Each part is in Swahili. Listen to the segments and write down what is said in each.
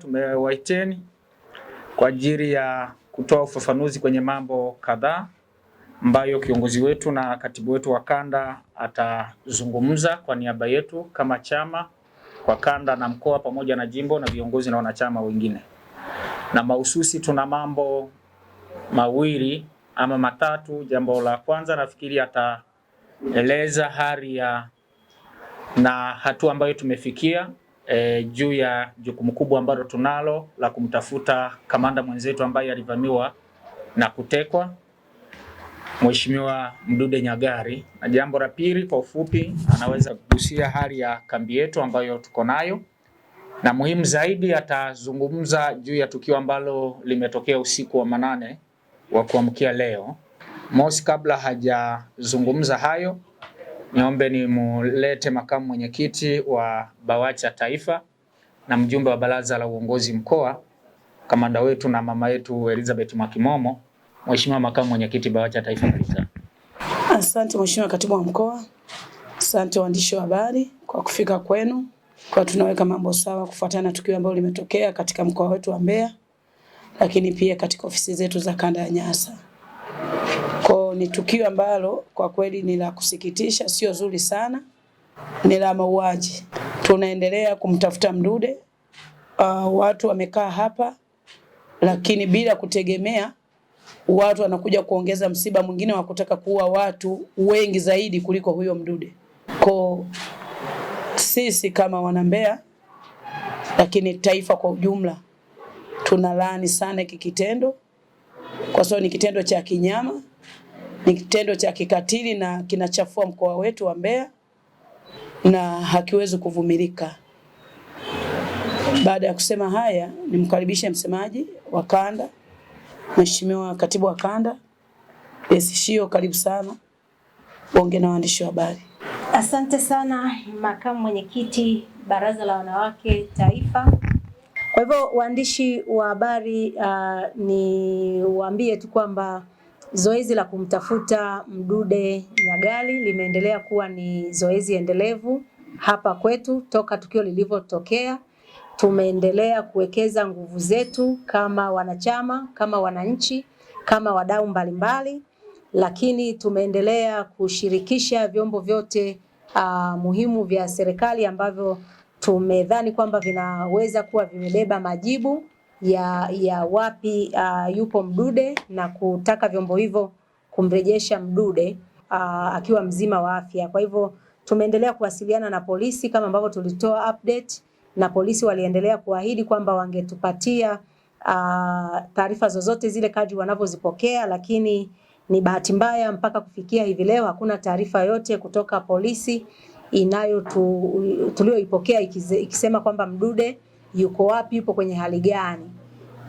Tumewaiteni kwa ajili ya kutoa ufafanuzi kwenye mambo kadhaa ambayo kiongozi wetu na katibu wetu wa kanda atazungumza kwa niaba yetu kama chama kwa kanda na mkoa pamoja na jimbo na viongozi na wanachama wengine. Na mahususi tuna mambo mawili ama matatu. Jambo la kwanza nafikiri ataeleza hali ya na hatua ambayo tumefikia e, juu ya jukumu kubwa ambalo tunalo la kumtafuta kamanda mwenzetu ambaye alivamiwa na kutekwa Mheshimiwa Mdude Nyagari. Na jambo la pili kwa ufupi, anaweza kugusia hali ya kambi yetu ambayo tuko nayo, na muhimu zaidi atazungumza juu ya tukio ambalo limetokea usiku wa manane wa kuamkia leo. Mosi, kabla hajazungumza hayo niombe nimulete makamu mwenyekiti wa BAWACHA Taifa na mjumbe wa baraza la uongozi mkoa, kamanda wetu na mama yetu Elizabeth Mwakimomo. Mheshimiwa makamu mwenyekiti BAWACHA Taifa, karibu. Asante Mheshimiwa katibu wa mkoa, asante waandishi wa habari kwa kufika kwenu, kwa tunaweka mambo sawa kufuatana na tukio ambalo limetokea katika mkoa wetu wa Mbeya, lakini pia katika ofisi zetu za kanda ya Nyasa kwa ni tukio ambalo kwa kweli ni la kusikitisha, sio zuri sana, ni la mauaji. Tunaendelea kumtafuta Mdude. Uh, watu wamekaa hapa lakini bila kutegemea watu wanakuja kuongeza msiba mwingine wa kutaka kuua watu wengi zaidi kuliko huyo Mdude. Kwa sisi kama wanambea, lakini taifa kwa ujumla, tunalaani sana hiki kitendo kwa sababu ni kitendo cha kinyama ni kitendo cha kikatili na kinachafua mkoa wetu wa Mbeya na hakiwezi kuvumilika. Baada ya kusema haya, nimkaribishe msemaji wa kanda, Mheshimiwa Katibu wa Kanda Esishio, karibu sana onge na waandishi wa habari. Asante sana makamu mwenyekiti Baraza la Wanawake Taifa. Kwa hivyo waandishi wa habari, uh, waambie tu kwamba Zoezi la kumtafuta Mdude Nyagali limeendelea kuwa ni zoezi endelevu hapa kwetu toka tukio lilivyotokea. Tumeendelea kuwekeza nguvu zetu kama wanachama, kama wananchi, kama wadau mbalimbali, lakini tumeendelea kushirikisha vyombo vyote uh, muhimu vya serikali ambavyo tumedhani kwamba vinaweza kuwa vimebeba majibu ya, ya wapi uh, yupo Mdude na kutaka vyombo hivyo kumrejesha Mdude uh, akiwa mzima wa afya. Kwa hivyo tumeendelea kuwasiliana na polisi kama ambavyo tulitoa update na polisi waliendelea kuahidi kwamba wangetupatia uh, taarifa zozote zile kadri wanavyozipokea, lakini ni bahati mbaya mpaka kufikia hivi leo hakuna taarifa yote kutoka polisi inayo tu, tuliyoipokea ikisema kwamba Mdude yuko wapi, yupo kwenye hali gani,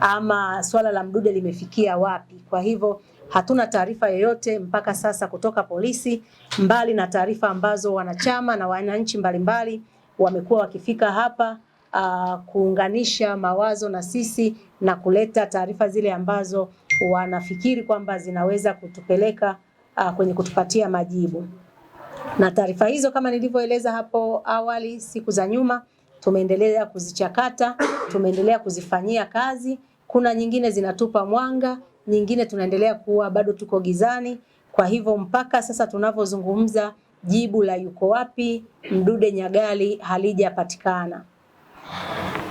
ama swala la Mdude limefikia wapi. Kwa hivyo hatuna taarifa yoyote mpaka sasa kutoka polisi, mbali na taarifa ambazo wanachama na wananchi mbalimbali wamekuwa wakifika hapa uh, kuunganisha mawazo na sisi na kuleta taarifa zile ambazo wanafikiri kwamba zinaweza kutupeleka uh, kwenye kutupatia majibu. Na taarifa hizo kama nilivyoeleza hapo awali siku za nyuma tumeendelea kuzichakata, tumeendelea kuzifanyia kazi. Kuna nyingine zinatupa mwanga, nyingine tunaendelea kuwa bado tuko gizani. Kwa hivyo mpaka sasa tunavyozungumza, jibu la yuko wapi Mdude Nyagali halijapatikana.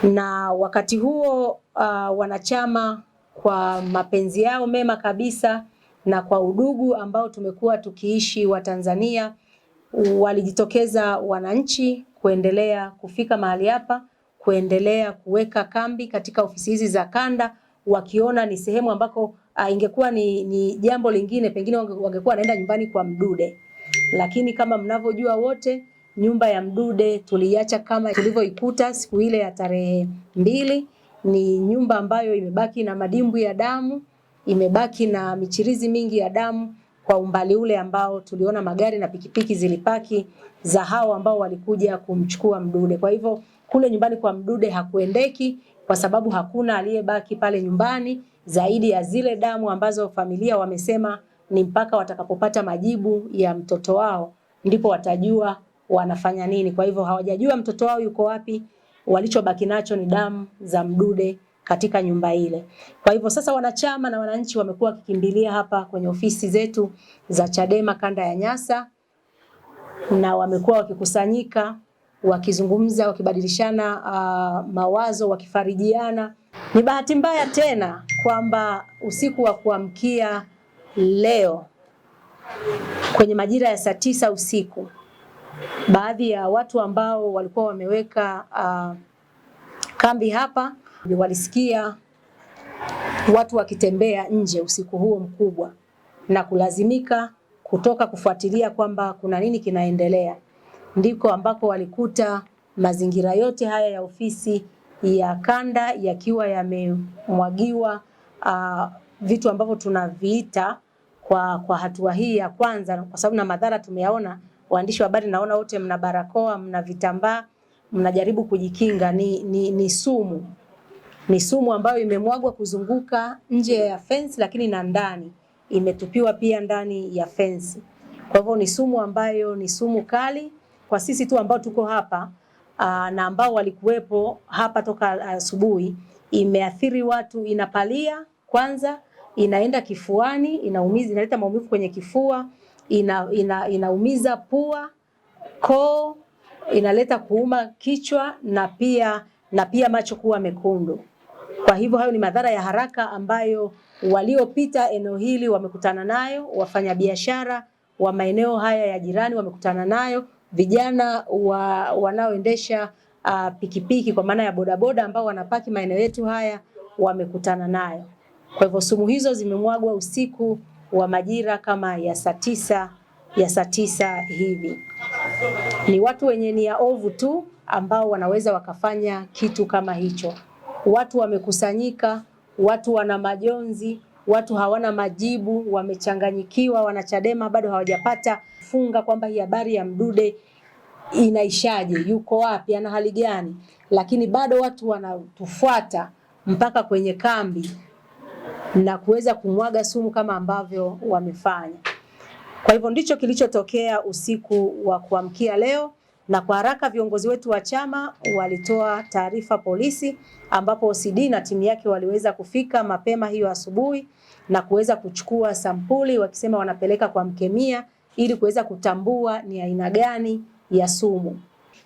Na wakati huo uh, wanachama kwa mapenzi yao mema kabisa na kwa udugu ambao tumekuwa tukiishi Watanzania, walijitokeza wananchi kuendelea kufika mahali hapa, kuendelea kuweka kambi katika ofisi hizi za kanda, wakiona ni sehemu ambako uh, ingekuwa ni, ni jambo lingine, pengine wangekuwa wanaenda nyumbani kwa Mdude, lakini kama mnavyojua wote nyumba ya Mdude tuliacha kama tulivyoikuta siku ile ya tarehe mbili. Ni nyumba ambayo imebaki na madimbu ya damu, imebaki na michirizi mingi ya damu kwa umbali ule ambao tuliona magari na pikipiki zilipaki za hao ambao walikuja kumchukua Mdude. Kwa hivyo kule nyumbani kwa Mdude hakuendeki kwa sababu hakuna aliyebaki pale nyumbani zaidi ya zile damu ambazo familia wamesema ni mpaka watakapopata majibu ya mtoto wao ndipo watajua wanafanya nini. Kwa hivyo hawajajua mtoto wao yuko wapi, walichobaki nacho ni damu za Mdude katika nyumba ile. Kwa hivyo sasa wanachama na wananchi wamekuwa wakikimbilia hapa kwenye ofisi zetu za Chadema kanda ya Nyasa na wamekuwa wakikusanyika wakizungumza wakibadilishana uh, mawazo wakifarijiana. Ni bahati mbaya tena kwamba usiku wa kuamkia leo kwenye majira ya saa tisa usiku baadhi ya watu ambao walikuwa wameweka uh, kambi hapa Walisikia watu wakitembea nje usiku huo mkubwa na kulazimika kutoka kufuatilia kwamba kuna nini kinaendelea. Ndiko ambako walikuta mazingira yote haya ya ofisi ya kanda yakiwa yamemwagiwa uh, vitu ambavyo tunaviita kwa, kwa hatua hii ya kwanza, kwa sababu na madhara tumeyaona. Waandishi wa habari, naona wote mna barakoa, mna vitambaa, mnajaribu kujikinga. Ni, ni, ni sumu ni sumu ambayo imemwagwa kuzunguka nje ya fence, lakini na ndani imetupiwa pia ndani ya fence. Kwa hivyo ni sumu ambayo ni sumu kali kwa sisi tu ambao tuko hapa aa, ah, na ambao walikuwepo hapa toka asubuhi. Imeathiri watu, inapalia kwanza, inaenda kifuani, inaumiza, inaleta maumivu kwenye kifua, ina, ina, inaumiza pua, koo, inaleta kuuma kichwa na pia na pia macho kuwa mekundu. Kwa hivyo hayo ni madhara ya haraka ambayo waliopita eneo hili wamekutana nayo, wafanyabiashara wa maeneo haya ya jirani wamekutana nayo, vijana wa, wanaoendesha uh, pikipiki kwa maana ya bodaboda ambao wanapaki maeneo yetu haya wamekutana nayo. Kwa hivyo sumu hizo zimemwagwa usiku wa majira kama ya saa tisa ya saa tisa hivi. Ni watu wenye nia ovu tu ambao wanaweza wakafanya kitu kama hicho. Watu wamekusanyika, watu wana majonzi, watu hawana majibu, wamechanganyikiwa. Wanachadema bado hawajapata funga kwamba hii habari ya Mdude inaishaje, yuko wapi, ana hali gani, lakini bado watu wanatufuata mpaka kwenye kambi na kuweza kumwaga sumu kama ambavyo wamefanya. Kwa hivyo ndicho kilichotokea usiku wa kuamkia leo na kwa haraka viongozi wetu wa chama walitoa taarifa polisi, ambapo OCD na timu yake waliweza kufika mapema hiyo asubuhi na kuweza kuchukua sampuli, wakisema wanapeleka kwa mkemia ili kuweza kutambua ni aina gani ya sumu.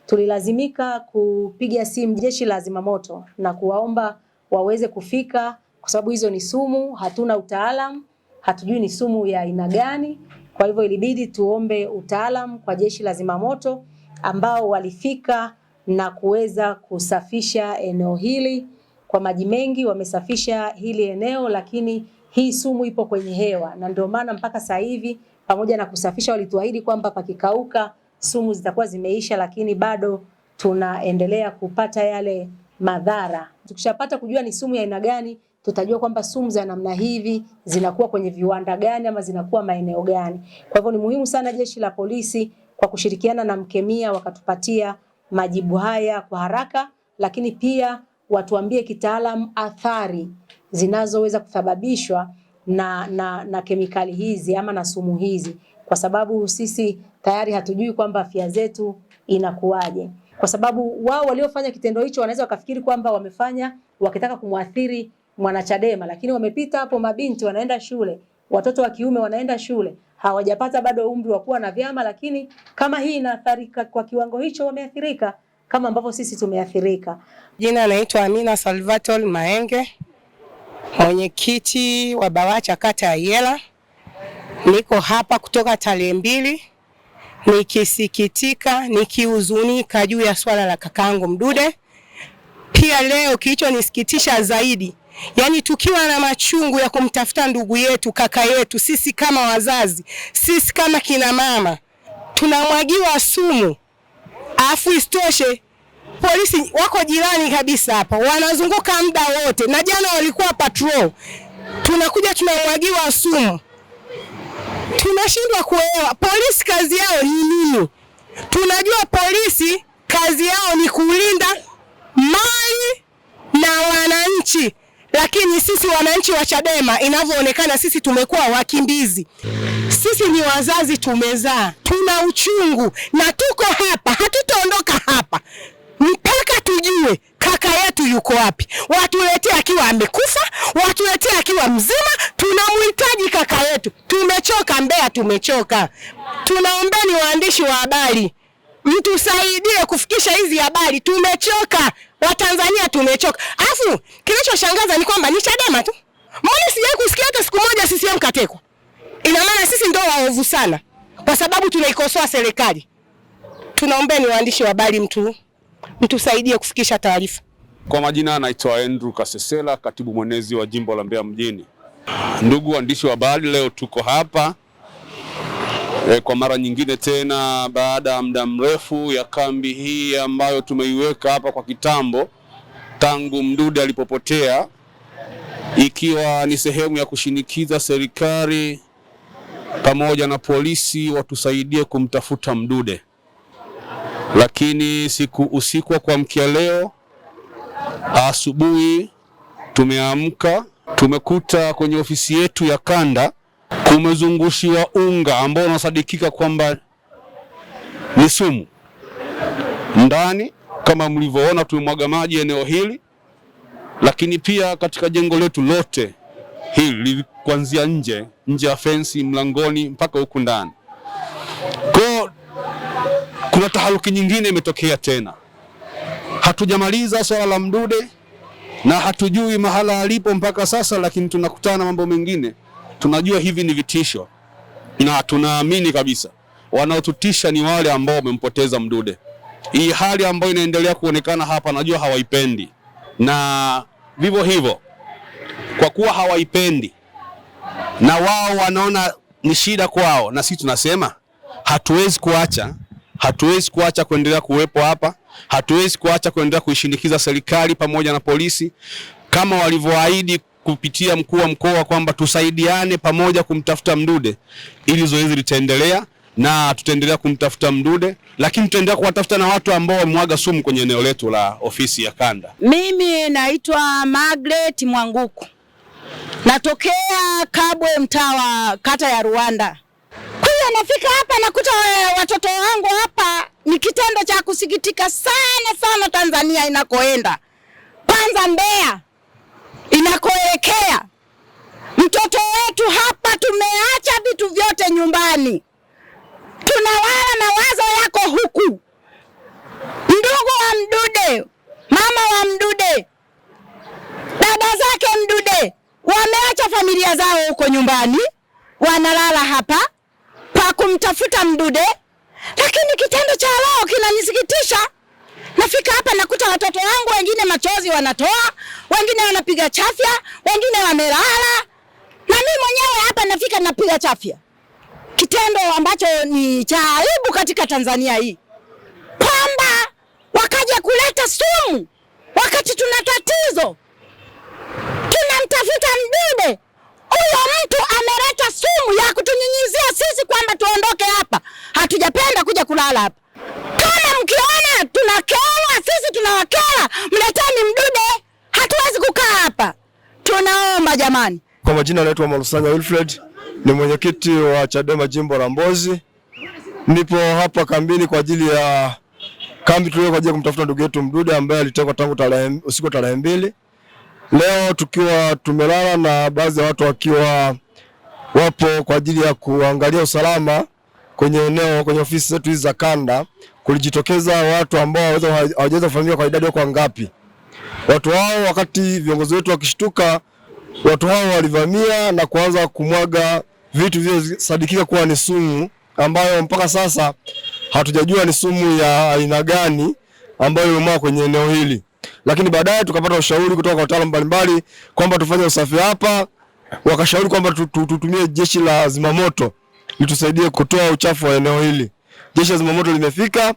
Tulilazimika kupiga simu jeshi la zimamoto na kuwaomba waweze kufika, kwa sababu hizo ni sumu, hatuna utaalamu, hatujui ni sumu ya aina gani. Kwa hivyo ilibidi tuombe utaalamu kwa jeshi la zimamoto ambao walifika na kuweza kusafisha eneo hili kwa maji mengi, wamesafisha hili eneo, lakini hii sumu ipo kwenye hewa, na ndio maana mpaka sasa hivi pamoja na kusafisha, walituahidi kwamba pakikauka sumu zitakuwa zimeisha, lakini bado tunaendelea kupata yale madhara. Tukishapata kujua ni sumu ya aina gani, tutajua kwamba sumu za namna hivi zinakuwa kwenye viwanda gani ama zinakuwa maeneo gani. Kwa hivyo ni muhimu sana jeshi la polisi kwa kushirikiana na Mkemia wakatupatia majibu haya kwa haraka, lakini pia watuambie kitaalamu athari zinazoweza kusababishwa na, na, na kemikali hizi ama na sumu hizi, kwa sababu sisi tayari hatujui kwamba afya zetu inakuwaje, kwa sababu wao waliofanya kitendo hicho wanaweza wakafikiri kwamba wamefanya wakitaka kumwathiri mwanachadema, lakini wamepita hapo, mabinti wanaenda shule watoto wa kiume wanaenda shule hawajapata bado umri wa kuwa na vyama, lakini kama hii inaathirika kwa kiwango hicho, wameathirika kama ambavyo sisi tumeathirika. Jina anaitwa Amina Salvatol Maenge, mwenyekiti wa BAWACHA kata ya yela Niko hapa kutoka tarehe mbili nikisikitika, nikihuzunika juu ya swala la kakaangu Mdude. Pia leo kilichonisikitisha zaidi Yaani tukiwa na machungu ya kumtafuta ndugu yetu, kaka yetu, sisi kama wazazi, sisi kama kina mama tunamwagiwa sumu, afu isitoshe polisi wako jirani kabisa hapa, wanazunguka muda wote, na jana walikuwa patrol. Tunakuja tunamwagiwa sumu, tunashindwa kuelewa polisi kazi yao ni nini. Tunajua polisi kazi yao ni kulinda mali na wananchi lakini sisi wananchi wa Chadema inavyoonekana, sisi tumekuwa wakimbizi. Sisi ni wazazi, tumezaa, tuna uchungu na tuko hapa, hatutaondoka hapa mpaka tujue kaka yetu yuko wapi. Watuletee akiwa amekufa, watuletee akiwa mzima, tunamhitaji kaka yetu. Tumechoka Mbeya, tumechoka. Tunaombeni waandishi wa habari mtusaidie kufikisha hizi habari, tumechoka Watanzania, tumechoka. Alafu kinachoshangaza ni kwamba ni Chadema tu, mbona sijai kusikia hata siku moja CCM katekwa? Ina maana sisi ndio waovu sana, kwa sababu tunaikosoa serikali. Tunaombeni waandishi wa habari, mtu mtusaidie kufikisha taarifa. Kwa majina anaitwa Andrew Kasesela, katibu mwenezi wa jimbo la Mbeya mjini. Ndugu waandishi wa habari, leo tuko hapa E, kwa mara nyingine tena baada ya muda mrefu ya kambi hii ambayo tumeiweka hapa kwa kitambo tangu Mdude alipopotea, ikiwa ni sehemu ya kushinikiza serikali pamoja na polisi watusaidie kumtafuta Mdude. Lakini siku usiku wa kuamkia leo, asubuhi tumeamka tumekuta kwenye ofisi yetu ya kanda kumezungushiwa unga ambao unasadikika kwamba ni sumu ndani. Kama mlivyoona, tumemwaga maji eneo hili, lakini pia katika jengo letu lote hili kuanzia nje nje ya fensi, mlangoni, mpaka huku ndani kwa kuna taharuki nyingine imetokea tena. Hatujamaliza swala la mdude na hatujui mahala alipo mpaka sasa, lakini tunakutana mambo mengine tunajua hivi ni vitisho na tunaamini kabisa wanaotutisha ni wale ambao wamempoteza Mdude. Hii hali ambayo inaendelea kuonekana hapa, najua hawaipendi, na vivyo hivyo, kwa kuwa hawaipendi na wao wanaona ni shida kwao, na sisi tunasema hatuwezi kuacha, hatuwezi kuacha kuendelea kuwepo hapa, hatuwezi kuacha kuendelea kuishinikiza serikali pamoja na polisi kama walivyoahidi kupitia mkuu wa mkoa kwamba tusaidiane pamoja kumtafuta Mdude ili zoezi litaendelea na tutaendelea kumtafuta Mdude, lakini tutaendelea kuwatafuta na watu ambao wamemwaga sumu kwenye eneo letu la ofisi ya kanda. Mimi naitwa Margaret Mwanguku, natokea Kabwe, mtaa wa kata ya Ruanda. Kwa nafika hapa nakuta watoto wangu hapa, ni kitendo cha kusikitika sana sana Tanzania inakoenda, kwanza Mbeya inakoelekea. Mtoto wetu hapa, tumeacha vitu vyote nyumbani, tunawala na yako huku. Ndugu wa Mdude, mama wa Mdude, dada zake Mdude wameacha familia zao huko nyumbani, wanalala hapa pa kumtafuta Mdude, lakini kitendo cha lao kinanisikitisha. Nafika hapa watoto wangu wengine machozi wanatoa, wengine wanapiga chafya, wengine wamelala, na mimi mwenyewe hapa nafika napiga chafya, kitendo ambacho ni cha aibu katika Tanzania hii, kwamba wakaja kuleta sumu wakati tuna tatizo, tunamtafuta Mdude. Huyo mtu ameleta sumu ya kutunyunyizia sisi kwamba tuondoke hapa, hatujapenda kuja kulala hapa kama mkiona Marekani. Kwa majina anaitwa Mwalusanya Wilfred, ni mwenyekiti wa Chadema jimbo la Mbozi. Nipo hapa kambini kwa ajili ya kambi tulio kwa ajili ya kumtafuta ndugu yetu Mdude ambaye alitekwa tangu tarehe usiku tarehe mbili. Leo tukiwa tumelala na baadhi ya watu wakiwa wapo kwa ajili ya kuangalia usalama kwenye eneo kwenye ofisi zetu hizi za kanda, kulijitokeza watu ambao hawajaweza kufahamika kwa idadi yao kwa ngapi. Watu hao wakati viongozi wetu wakishtuka Watu hao walivamia na kuanza kumwaga vitu vilivyosadikika kuwa ni sumu, ambayo mpaka sasa hatujajua ni sumu ya aina gani ambayo imemwagwa kwenye eneo hili, lakini baadaye tukapata ushauri kutoka kwa wataalamu mbalimbali kwamba tufanye usafi hapa. Wakashauri kwamba tutumie jeshi la zimamoto litusaidia kutoa uchafu wa eneo hili. Jeshi la zimamoto limefika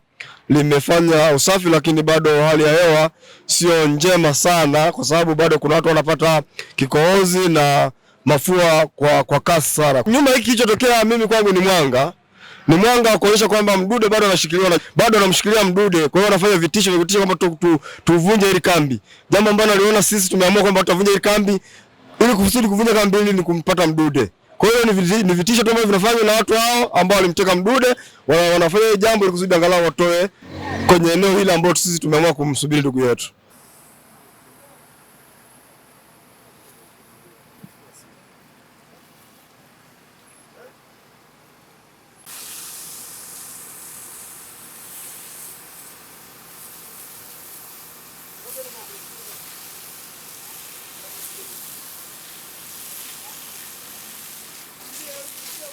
limefanya usafi, lakini bado hali ya hewa sio njema sana, kwa sababu bado kuna watu wanapata kikohozi na mafua kwa, kwa kasi sana. Nyuma hiki kilichotokea mimi kwangu ni mwanga ni mwanga wa kuonyesha kwamba Mdude bado anashikiliwa na bado anamshikilia Mdude. Kwa hiyo anafanya vitisho vya kutisha kwamba tuvunje tu, tu ile kambi, jambo ambalo aliona sisi tumeamua kwamba tutavunja ile kambi ili kusudi kuvunja kambi ili ni kumpata Mdude. Kwa hiyo ni vitisho tu ambavyo vinafanywa na watu hao ambao walimteka Mdude, wanafanya jambo ili kusudi angalau watoe kwenye eneo hili ambalo sisi tumeamua kumsubiri ndugu yetu.